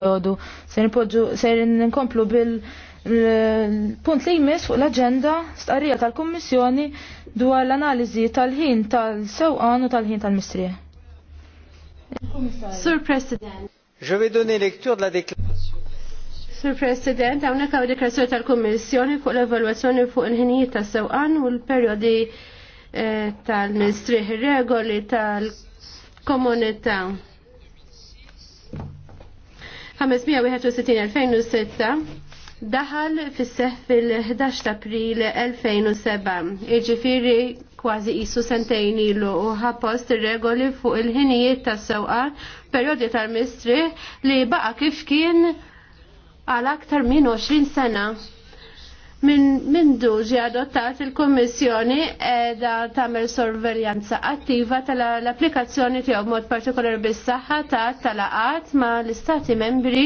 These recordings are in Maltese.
jodu. Ser nipoġu, ser nkomplu bil-punt li jmiss fuq l-agenda starija tal-Kummissjoni dwar l-analiżi tal-ħin tal-sewqan u tal-ħin tal-mistrieħ. Sur President. Je vais donner lecture de la déclaration. Sur President, hawnhekk hawn deklarazzjoni tal-Kummissjoni fuq l-evalwazzjoni fuq il-ħinijiet tas-sewqan u l-perjodi eh, tal-mistrieħ regoli tal-komunità. 561-2006 daħal fis-seħ fil-11 ta' april 2007. Iġifiri kważi jissu sentejn ilu u ħapost regoli fuq il-ħinijiet tas sewqa periodi tal-mistri li baqa kif kien għal aktar minn 20 sena. Min, min duġi adottat il-Kommissjoni edha tamer sorveljanza attiva tal-applikazzjoni tiegħu mod partikolari bis-saħħa ta' talaqat ma' l-Istati membri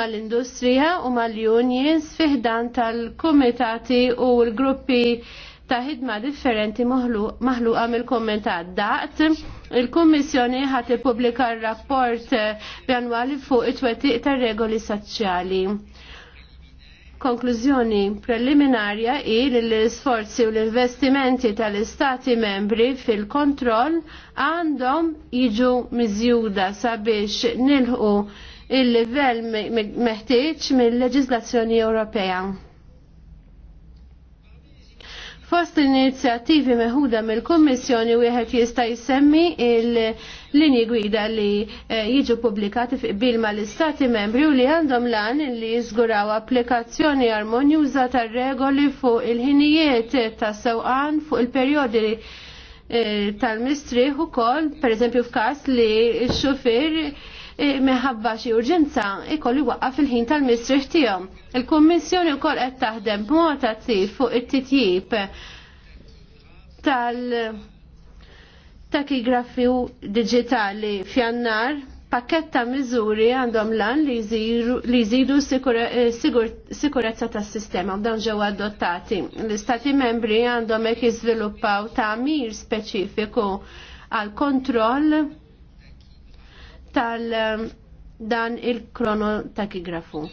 mal-industrija u mal-unions fiħdan tal-komitati u l-gruppi ta' ħidma differenti maħluqa mill-kommentat daqt. Il-Kummissjoni ħat ippubblika r-rapport bjanwali fuq it-twettiq tar-regoli soċjali. Konklużjoni preliminarja hi li l-isforzi u l-investimenti tal-Istati membri fil-kontroll għandhom jiġu miżjuda sabiex nilħu il-livell meħtieġ mill-leġislazzjoni Ewropea. Fost l-inizjattivi meħuda mill-Kommissjoni wieħed jista' jsemmi il-linji gwida li eh, jiġu pubblikati bilma mal-Istati membri u li għandhom lan li jiżguraw applikazzjoni armonjuża tar-regoli fuq il-ħinijiet tas-sewqan fuq il-perjodi eh, tal-mistrieħ ukoll, pereżempju f'każ li x-xufier meħabba xi urġenza ikolli waqqa fil-ħin tal mistriħ tiegħu. Il-Kummissjoni wkoll qed taħdem b'mod attiv fuq it-titjib tal takigrafju diġitali fjannar pakketta ta' miżuri għandhom lan li jżidu eh, sikurezza tas sistema u ġew adottati. L-Istati membri għandhom hekk jiżviluppaw ta' speċifiku għal kontroll tal um, dan il-krono takigrafu.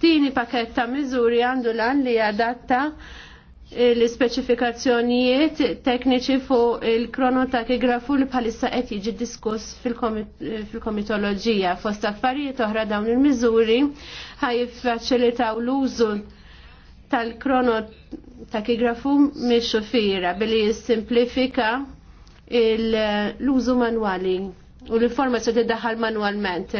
Tini pakket ta' miżuri għandu lan li jadatta eh, l ispeċifikazzjonijiet tekniċi fuq il-krono takigrafu li bħalissa qed jiġi diskuss fil-komitoloġija. Fost affarijiet oħra dawn il-miżuri ħajfaċilitaw l-użu tal-krono takigrafu mix-xufira billi jissimplifika l-użu manwali u l informa se tiddaħħal manwalment.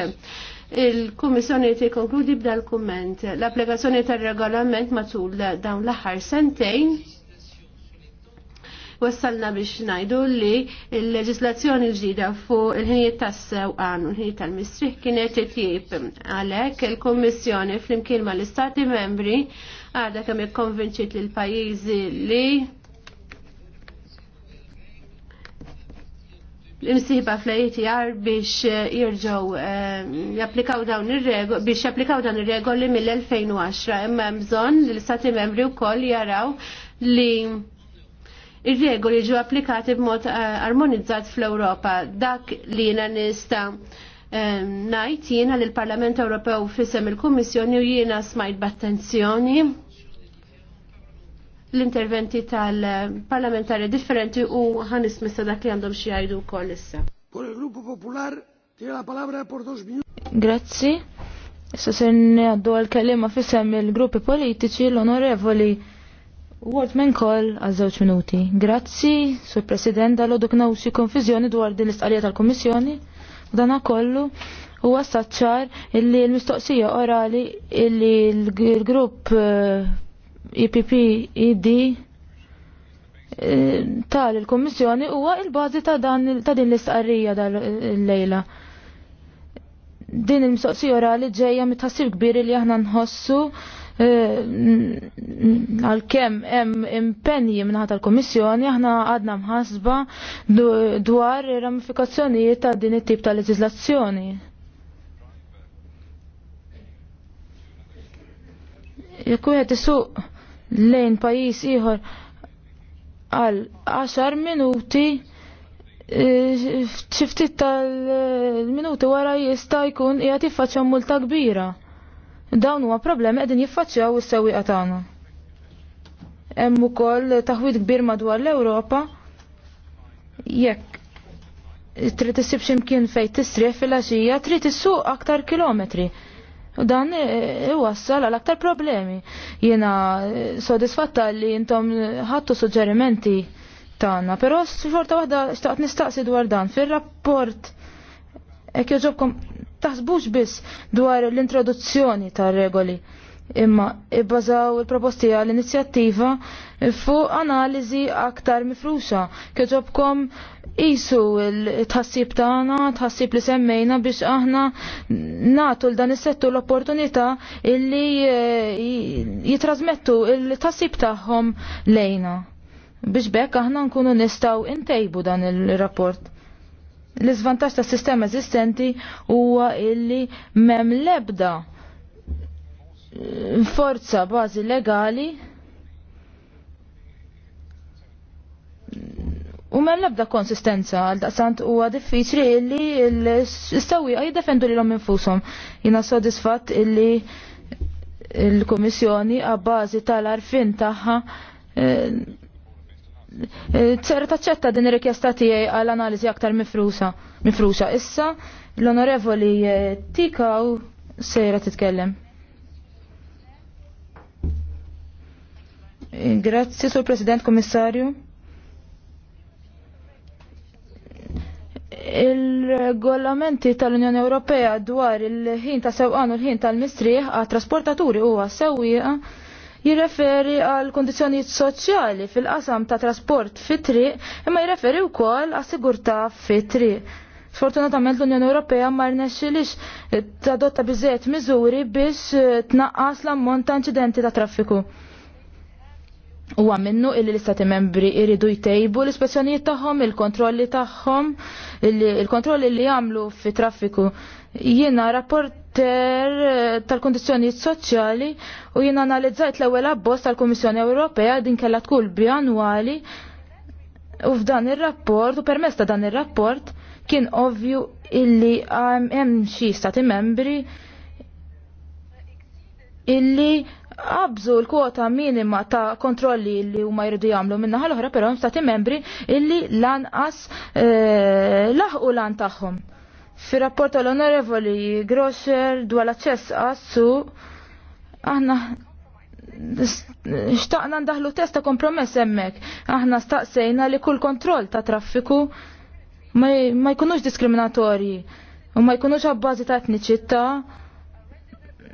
Il-Kummissjoni konkludi b'dal kumment. L-applikazzjoni tar-regolament matul dawn l-aħħar sentejn wassalna biex najdu li il-leġislazzjoni ġdida fuq il-ħinijiet tas-sewqan u l-ħinijiet tal mistriħ kienet t-tjib Għalhekk il-Kummissjoni flimkien mal-Istati membri għadha kemm ikkonvinċit lil pajjiżi li l-imsiħba fl-ATR biex eh, jirġaw eh, japplikaw dawn ir-regoli biex japplikaw dawn ir-regoli mill-2010 imma hemm bżonn li l-istati membri wkoll jaraw li ir-regoli ġew applikati b'mod eh, armonizzat fl-Ewropa dak li jiena nista' ngħid jiena lill parlament Ewropew fisem il-Kummissjoni u jiena smajt b'attenzjoni l-interventi tal-parlamentari differenti u ħanismissa dak li għandhom xi jgħidu wkoll issa. Por il la palabra por dos minuti. Grazzi. Issa se għaddu għal-kelima fissem il-gruppi politiċi l-onorevoli Wardman Koll għal żewġ minuti. Grazzi, Sur President, dal dok nawsi konfizjoni dwar din l-istqalija tal komissjoni Dana kollu huwa ċar illi l-mistoqsija orali illi l-grupp eh, IPP e ID e e, tal il-Kommissjoni huwa il-bażi ta' dan ta' din l-istqarrija dal-lejla. Din il-mistoqsija orali ġejja mitħassib kbir li aħna nħossu għal kem hemm impenji minnaħa tal kommissjoni aħna għadna mħasba dwar ramifikazzjonijiet ta' din it-tip ta' leġiżlazzjoni. Jekk wieħed isuq lejn pajis ieħor għal 10 minuti ċiftit e, tal-minuti wara jista' jkun qiegħed jiffaċċja multa kbira. Dawn huwa problemi qegħdin jiffaċċjaw is-sewwieqa tagħna. Hemm ukoll taħwit kbir madwar l-Ewropa jekk trid issib x'imkien fejn tisrieħ fil-għaxija trid issuq aktar kilometri U dan eh, eh, iwassal għal aktar problemi. Jiena eh, sodisfatta li intom ħattu suġġerimenti tagħna, però xorta waħda xtaqt nistaqsi dwar dan fir-rapport hekk joġobkom taħsbux biss dwar l-introduzzjoni tar-regoli imma ibbażaw il-proposti għall-inizjattiva fuq analiżi aktar mifruxa. Kieġobkom isu il-tħassib tagħna, tħassib li semmejna biex aħna natul dan is-settu l-opportunità illi eh, jitrasmettu il-tħassib tagħhom lejna. Biex bekk aħna nkunu nistaw intejbu dan il-rapport l iżvantaġġ tas sistema eżistenti huwa illi mem lebda forza bażi legali U mell ebda konsistenza għal daqsant u diffiċli illi l għaj jiddefendu li l-om infusom. Jina sodisfat illi l-Komissjoni għabbażi tal-arfin taħħa eh, eh, Ser taċċetta din ir-rikjesta tiegħi għal analiżi aktar Mifruxa issa l-onorevoli eh, Tikaw sejra titkellem. Grazzi, Sur President Commissario. Il-regolamenti tal-Unjoni Ewropea dwar il-ħin ta' sewqan u l-ħin tal-mistrieħ għat trasportaturi huwa sewwieqa jirreferi għal kondizjonijiet soċjali fil-qasam ta' trasport fit-triq, imma jirreferi wkoll għas sigurtà fit-triq. Sfortunatament l-Unjoni Ewropea ma rnexxilix tadotta biżejjed miżuri biex tnaqqas l-ammont ta' inċidenti ta' traffiku. Huwa minnu illi l-istati membri iridu jtejbu l ispezzjoniet tagħhom, il-kontrolli tagħhom, il-kontrolli li għamlu fi traffiku. Jiena rapporter eh, tal kondizjoniet soċjali u jiena analizzajt l-ewwel abbozz tal-Kummissjoni Ewropea din kellha tkun bianwali u f'dan ir-rapport u permezz ta' dan ir-rapport kien ovvju illi għamem xi stati membri illi qabżu l-kwota minima ta' kontrolli li huma jridu jagħmlu minna ħal-oħra però stati membri illi lanqas eh, laħqu lan tagħhom. Fir-rapport tal-Onorevoli Grosser dwar l-aċċess għassu, aħna xtaqna ndaħlu testa kompromess hemmhekk. Aħna staqsejna li kull kontroll ta' traffiku ma jkunux diskriminatorji u ma jkunux għabbażi ta' etniċità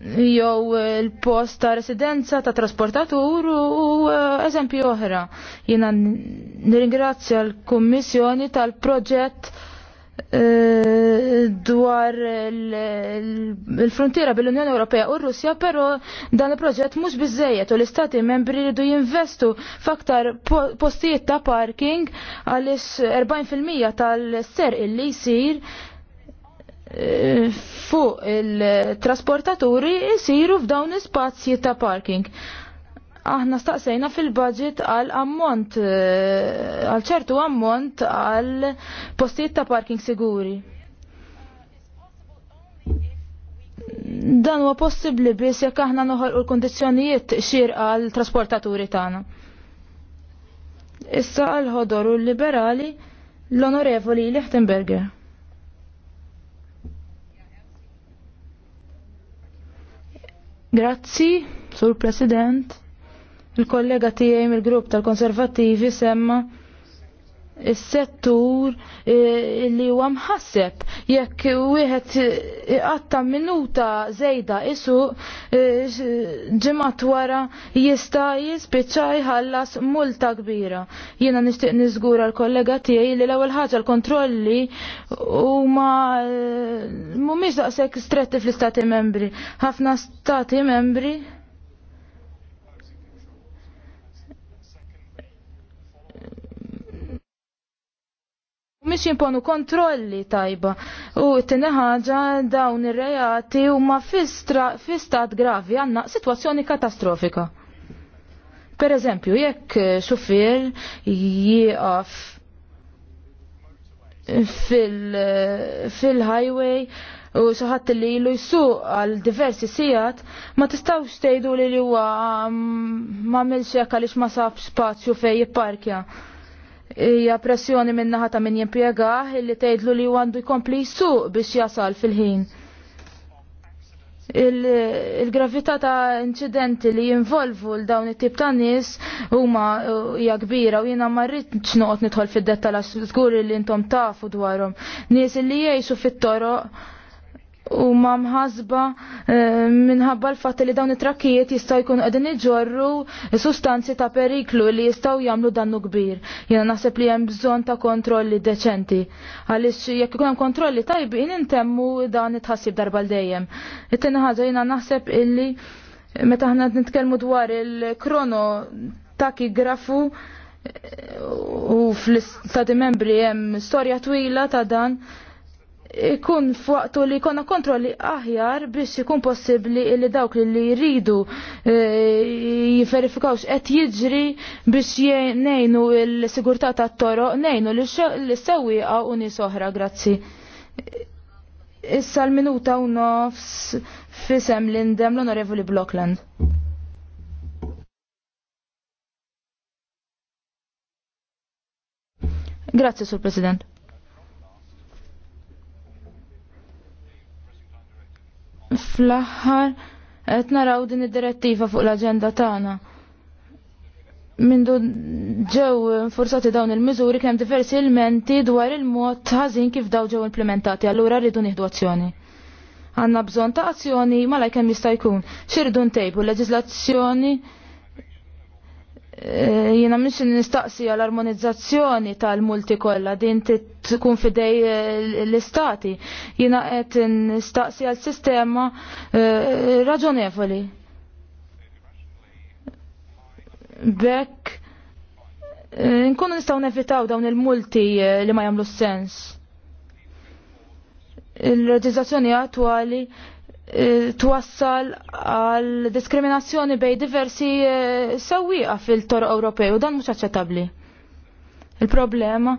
jew il-post ta' residenza ta' trasportatur u eżempju oħra. Jiena nirringrazzja l-Kummissjoni tal-proġett eh, dwar il-frontiera bil-Unjoni Ewropea u Russja, però dan il-proġett mhux biżejjed u l-istati membri jridu jinvestu f'aktar postijiet ta' parking għaliex 40% tal-ser illi jsir fuq il-trasportaturi jisiru f'dawn spazji ta' parking. Aħna staqsejna fil-budget għal ammont, eh, għal ċertu ammont għal postijiet ta' parking siguri. Dan huwa possibbli biss jekk aħna noħolqu l-kondizzjonijiet xir għal trasportaturi tagħna. Issa għal ħodor u l liberali l-Onorevoli Lichtenberger. Grazzi, Sur President. Il-kollega tiegħi mill-grupp tal konservativi semma' is-settur eh, li huwa mħasseb jekk wieħed għatta minuta żejda isu eh, ġemat wara jista' jispiċċa jħallas multa kbira. Jiena nixtieq niżgura l-kollega tiegħi li l-ewwel ħaġa l-kontrolli huma eh, mhumiex daqshekk stretti fl-istati membri. Ħafna stati membri Mix jimponu kontrolli tajba u t-tini ħaġa dawn ir-reati u ma fistat gravi għanna situazzjoni katastrofika. Per eżempju, jekk xufir jieqaf fil-highway u xaħat li ilu jsu għal diversi sijat, ma tistawx tejdu li li huwa ma milx jekk għaliex ma sab spazju fej jipparkja hija pressjoni min-naħa ta' min jimpjega illi tgħidlu li għandu jkompli jsuq biex jasal fil-ħin. Il-gravità ta' incidenti li jinvolvu l-dawn it-tip ta' nies huma uh, hija kbira u jiena ma rridx noqgħod nidħol fid-dettall għax żgur li intom tafu dwarhom. Nies li jgħixu fit-toroq u mamħasba eh, minħabba l-fatt li dawn it-trakkijiet jistaw jkun qegħdin iġorru sustanzi ta' periklu li jistaw jagħmlu dannu kbir. Jiena naħseb li hemm bżonn ta' kontrolli deċenti. għaliex jekk ikun hemm kontrolli tajbin intemmu dan it darba l-dejjem. It-tieni ħaġa jiena naħseb illi meta aħna nitkellmu dwar il-krono takigrafu eh, u fl istati membri hemm storja twila ta' dan ikun fuqtu li jkollna kontrolli aħjar biex ikun possibbli li dawk li jridu eh, jiferifikawx qed jiġri biex jgħinu l-sigurtà tat-toroq ngħinu li sewwieqa u nies oħra grazzi. Issa l-minuta u nofs fisem l-indem l-onorevoli Blockland. Grazie, Sur President. fl-aħħar qed naraw din id-direttiva fuq l-aġenda tagħna. Mindu ġew forsati dawn il-miżuri kemm diversi elementi dwar il-mod ħażin kif daw ġew implementati, allura rridu nieħdu azzjoni. Għanna bżon ta' azzjoni malaj kemm jista' jkun. rridu ntejbu l-leġiżlazzjoni Eh, Jiena minn nistaqsi għal-armonizzazzjoni tal-multi kollha din tkun fidej eh, l-istati. Jiena qed nistaqsi għal-sistema eh, raġonevoli. Bekk nkunu nistgħu nevitaw dawn il-multi li ma jagħmlu sens. Il-reġizzazzjoni attwali Eh, twassal għal diskriminazzjoni bej diversi eh, sewwieqa fil tor Ewropew u dan mhux aċċettabbli. Il-problema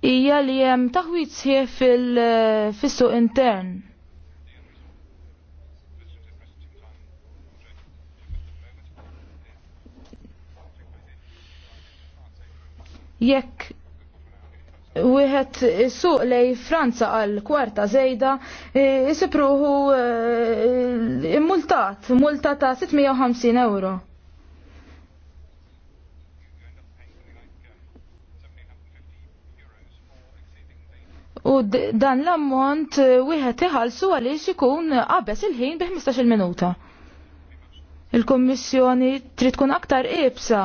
hija li hemm taħwit fil-fissuq eh, intern. Jekk wieħed suq lej Franza għal kwarta zejda e, isipruħu e, multat, multa ta' 650 euro. U dan l-ammont e, wieħed iħallsu għaliex ikun qabes il-ħin bi 15-il minuta. Il-Kommissjoni trid tkun aktar ibsa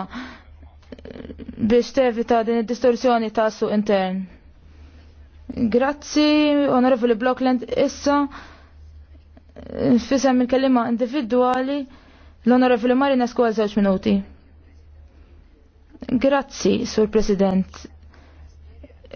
biex tevita din id-distorsjoni ta' suq intern. Grazzi, onorevoli Blockland, issa fisem il kellima individuali l-onorevoli Marina skuħal zewċ minuti. Grazzi, Sur President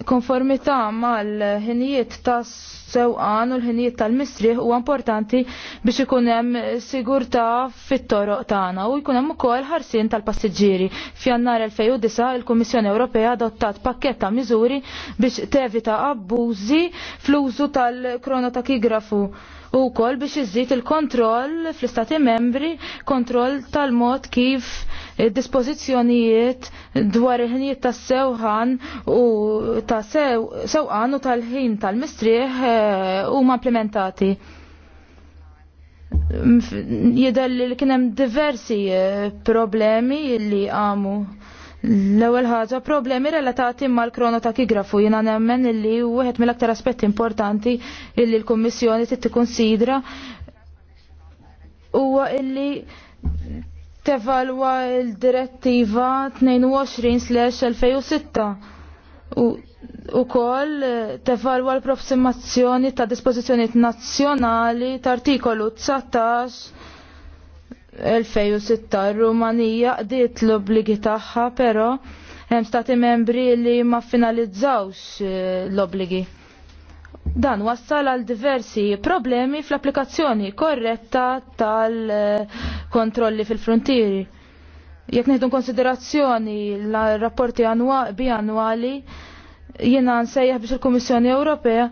konformità mal-ħinijiet ta' sewqan u l-ħinijiet tal-mistrieħ huwa importanti biex ikun hemm sigurtà fit-toroq tagħna u jkun hemm ukoll ħarsien tal-passiġġieri. F'jannar 2009 il-Kummissjoni Ewropea adottat pakkett ta' miżuri biex tevita abbużi fl-użu tal-kronotakigrafu u wkoll biex iżid il-kontroll fl-Istati membri, kontroll tal-mod kif dispożizzjonijiet dwar il-ħinijiet tas sewħan u ta' sewqan u tal-ħin tal-mistrieħ eh, huma implementati. Jidel li kien hemm diversi eh, problemi li għamu L-ewwel ħaġa problemi relatati mal-krono ta' kigrafu jiena nemmen illi wieħed mill-aktar aspetti importanti illi l-Kummissjoni trid tikkunsidra huwa illi tevalwa l-direttiva 22-2006 u koll eh, tevalwa l-prossimazzjoni ta' dispozizjoniet nazzjonali ta' artikolu 19 2006 Rumanija qdiet l-obligi tagħha però hemm stati membri li ma finalizzawx eh, l-obligi. Dan wassal għal diversi problemi fl-applikazzjoni korretta tal-kontrolli fil-frontieri. Jekk neħdu konsiderazzjoni l-rapporti bianwali, jiena nsejjaħ biex il-Kummissjoni Ewropea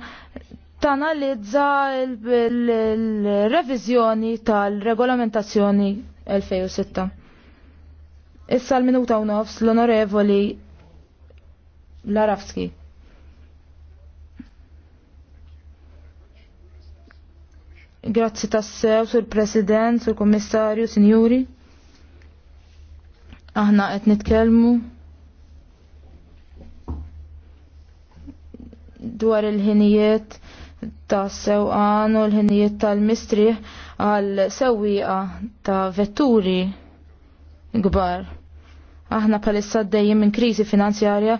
tanalizza l-reviżjoni tal-regolamentazzjoni 2006. Issa l-minuta u nofs l-onorevoli Larafski. Grazzi tassew, sur President, sur Kommissarju, Sinjuri. Aħna qed nitkellmu dwar il-ħinijiet ta' sewqan u l-ħinijiet tal-mistriħ għal sewwieqa ta' vetturi kbar. Aħna palissa dejjem minn kriżi finanzjarja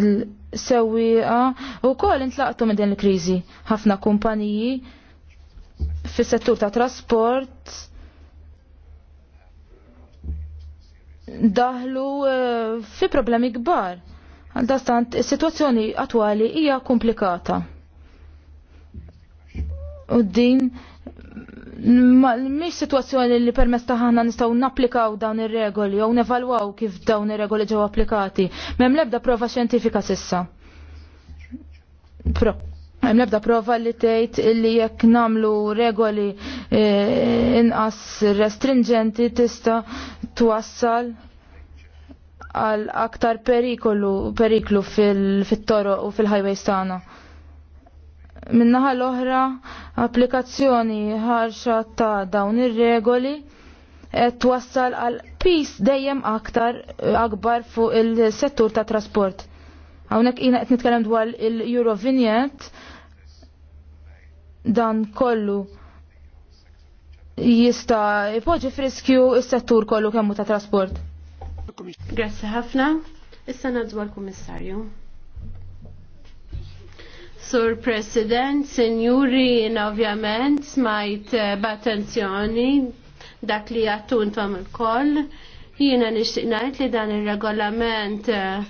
il-sewwieqa u koll intlaqtu minn din il-kriżi. Ħafna kumpaniji fis-settur ta' trasport daħlu eh, fi problemi kbar. Għal is-sitwazzjoni attwali hija komplikata. U din mhix sitwazzjoni li permess ta' ħana nistgħu napplikaw dawn ir-regoli jew nevalwaw kif dawn ir-regoli ġew applikati. M'hemm l-ebda prova xjentifika sissa. Pro Hemm nebda prova li tgħid illi jekk nagħmlu regoli eh, inqas restringenti tista' twassal għal aktar perikolu, periklu fil-toro u fil-highways tagħna. Minnaħa l-oħra applikazzjoni ħarxa ta' dawn ir-regoli qed twassal għal pis dejjem aktar eh, akbar fuq il-settur ta' trasport. Hawnhekk ina qed nitkellem dwar il eurovignette dan kollu jista ipoġi friskju s-settur kollu kemmu ta' trasport. Grazzi ħafna. Issa nadżu għal-Kummissarju. Sur President, Senjuri, ovvjament, smajt eh, b'attenzjoni dak li jattuntom il-koll. Jiena nixtieq ngħid li dan ir regolament eh,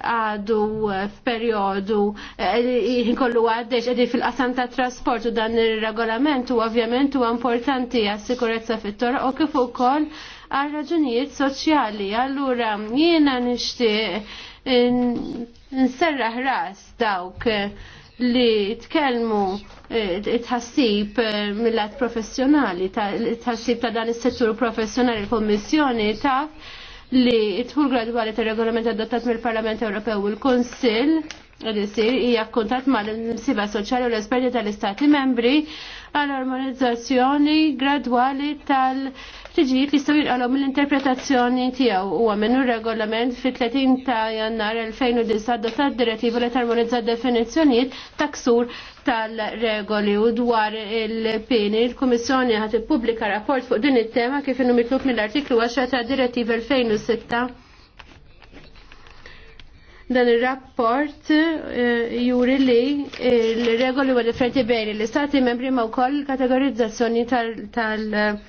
għadu eh, f'periodu eh, kollu għaddex għaddi fil-qasam ta' trasport u dan il-regolament u ovvjament u importanti għas sikurezza fit-tor u kif ukoll għal raġunijiet soċjali. Allura jiena nixtieq nserraħ ras dawk li tkellmu eh, tħassib mill-lat professjonali, tħassib ta' dan is-settur professjonali il kommissjoni taf li t-tħul gradwali ta' regolament adottat mill-Parlament Ewropew u l-Konsil għad jisir hija kuntat ma' l soċjali u l-esperti tal-Istati membri għal armonizzazzjoni gradwali tal- ħtiġijiet li jistgħu jirqalhom mill-interpretazzjoni tiegħu huwa minnu regolament fit-30 ta' Jannar 2009 ta' direttivu li tarmonizza definizzjonijiet ta' ksur tal-regoli u dwar il-pini, il-Kummissjoni ħat ippubblika rapport fuq din it-tema kif inhu mitlub mill-artiklu 10 ta' direttiva 2006 dan il-rapport eh, juri li l-regoli u differenti bejn l-istati membri ma' wkoll kategorizzazzjoni tal-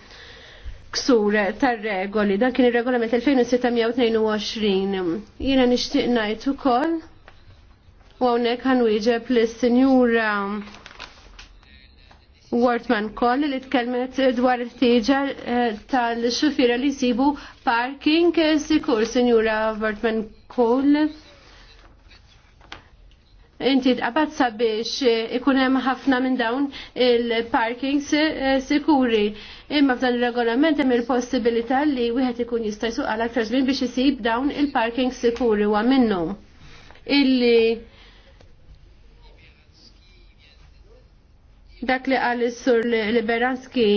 ksur tar-regoli, dan kien ir-regolament 2622. Jiena nixtieq ngħid ukoll u hawnhekk wieġeb lis-Sinjura Wortman koll li tkellmet dwar it-tieġa eh, tal-xufiera li jsibu parking eh, sikur, Sinjura Wortman koll inti tqabazza biex eh, hemm ħafna minn dawn il-parkings eh, sikuri. Imma f'dan il-regolament hemm il-possibilità li wieħed ikun jista' jsuq għal aktar żmien biex isib dawn il-parking sikuri huwa minnhom. Illi dak li qal is-sur Liberanski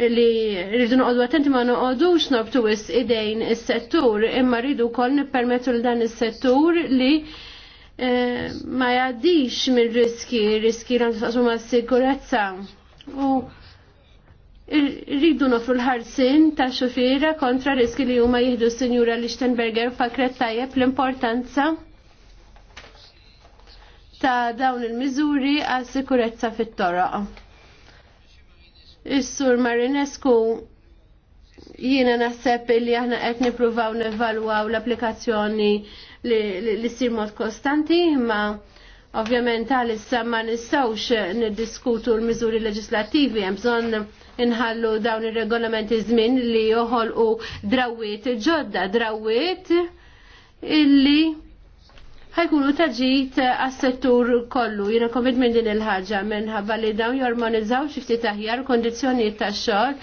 li rridu noqogħdu attenti ma noqogħdux nobtu is idejn is-settur imma rridu wkoll nippermettu l dan is-settur li Eh, ma jaddix minn riski, riski l-għandu sigurezza. U rridu nofru l-ħarsin ta' xofira kontra riski li huma jihdu s senjura Lichtenberger fakret tajjeb l-importanza ta' dawn il-miżuri għas sikurezza fit-toroq. Is-Sur Marinescu jiena naħseb li aħna qed nippruvaw nevalwaw l-applikazzjoni li ssir mod kostanti, imma ovvjament għalissa ma nistgħux niddiskutu l-miżuri leġislattivi hemm bżonn inħallu dawn ir-regolamenti żmien li joħolqu drawiet ġodda, drawiet illi ħajkunu taġit għas-settur kollu. Jiena konvint minn din il-ħaġa minħabba li dawn jormonizzaw xi ftit aħjar kondizzjonijiet tax-xogħol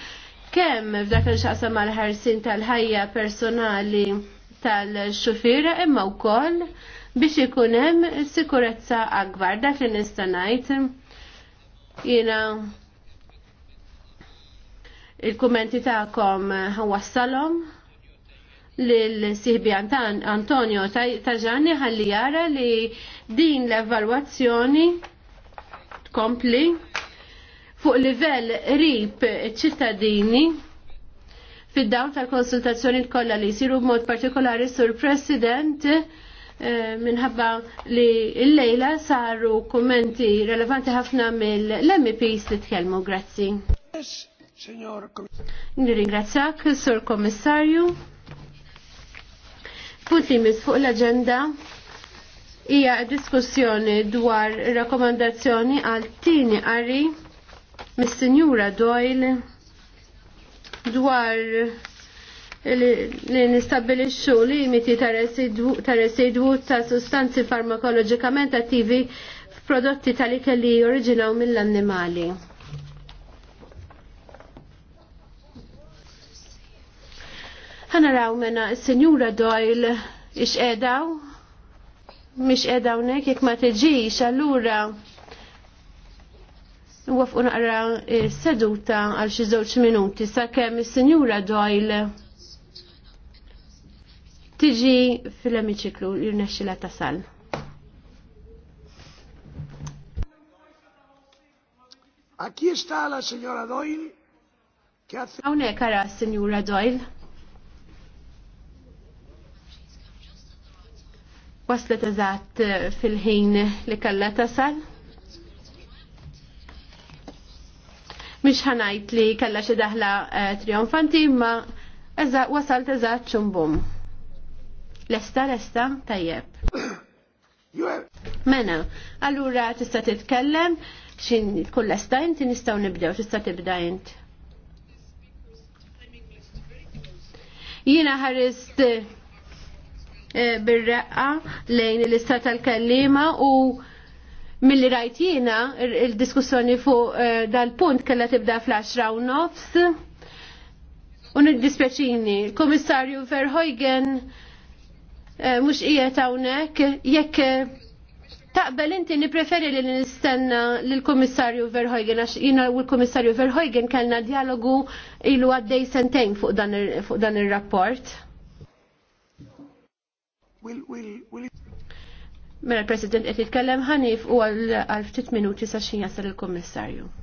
kemm f'dak il-xaqsam mal-ħarsin tal-ħajja personali tal-xufira imma wkoll biex ikun hemm sikurezza akbar dak li nista' ngħid jiena il-kummenti tagħkom wassalhom l-sihbi Antonio Taġani ħalli jara li din l-evalwazzjoni tkompli fuq livell rib ċittadini fid-dawn tal-konsultazzjoni kollha li jsiru b'mod partikolari sur President eh, minħabba li l-lejla saru kummenti relevanti ħafna mill-MPs li tkellmu. Grazzi. Nirringrazzjak, Sur Kommissarju. Punti li mis fuq l-agenda hija diskussjoni dwar rakkomandazzjoni għal tini qari mis-Sinjura Doyle dwar li nistabilixxu limiti ta' residwu ta' sustanzi farmakoloġikament attivi f'prodotti tal-ikel li joriginaw mill-annimali. Ħanaraw mena s-Sinjura Doyle ix-edaw, mix edaw nek, jek ma tiġix allura. Nwafqu naqra seduta għal xi żewġ minuti sakemm is-Sinjura Doyle tiġi fil-emiċiklu jirnexxila tasal. Aki sta la signora Doyle. Hawnhekk ara s signora Doyle. Waslet eżatt fil-ħin li kellha tasal. Mhix ħanajt li kellha xi daħla eh, trionfanti imma wasalt eżatt ċumbum. Lesta, lesta, tajjeb. Mena, allura tista' titkellem xin kull lesta inti nistgħu nibdew, tista' tibda int. Jiena ħarist eh, bir-reqqa lejn l-istat tal-kellima u Milli rajt jiena il-diskussjoni fuq eh, dal-punt kellha tibda fl-10 u nofs. U niddispjaċini, il-Komissarju Verhoeven eh, mhux qiegħed hawnhekk jekk eh, Taqbel inti nipreferi li nistenna l-Komissarju Verhoeven, għax jina u l-Komissarju Verhoeven kellna dialogu ilu għaddej sentejn fuq dan il-rapport. Mela l-President qed jitkellem ħanif u għal ftit minuti sa xin jasal il-Kummissarju.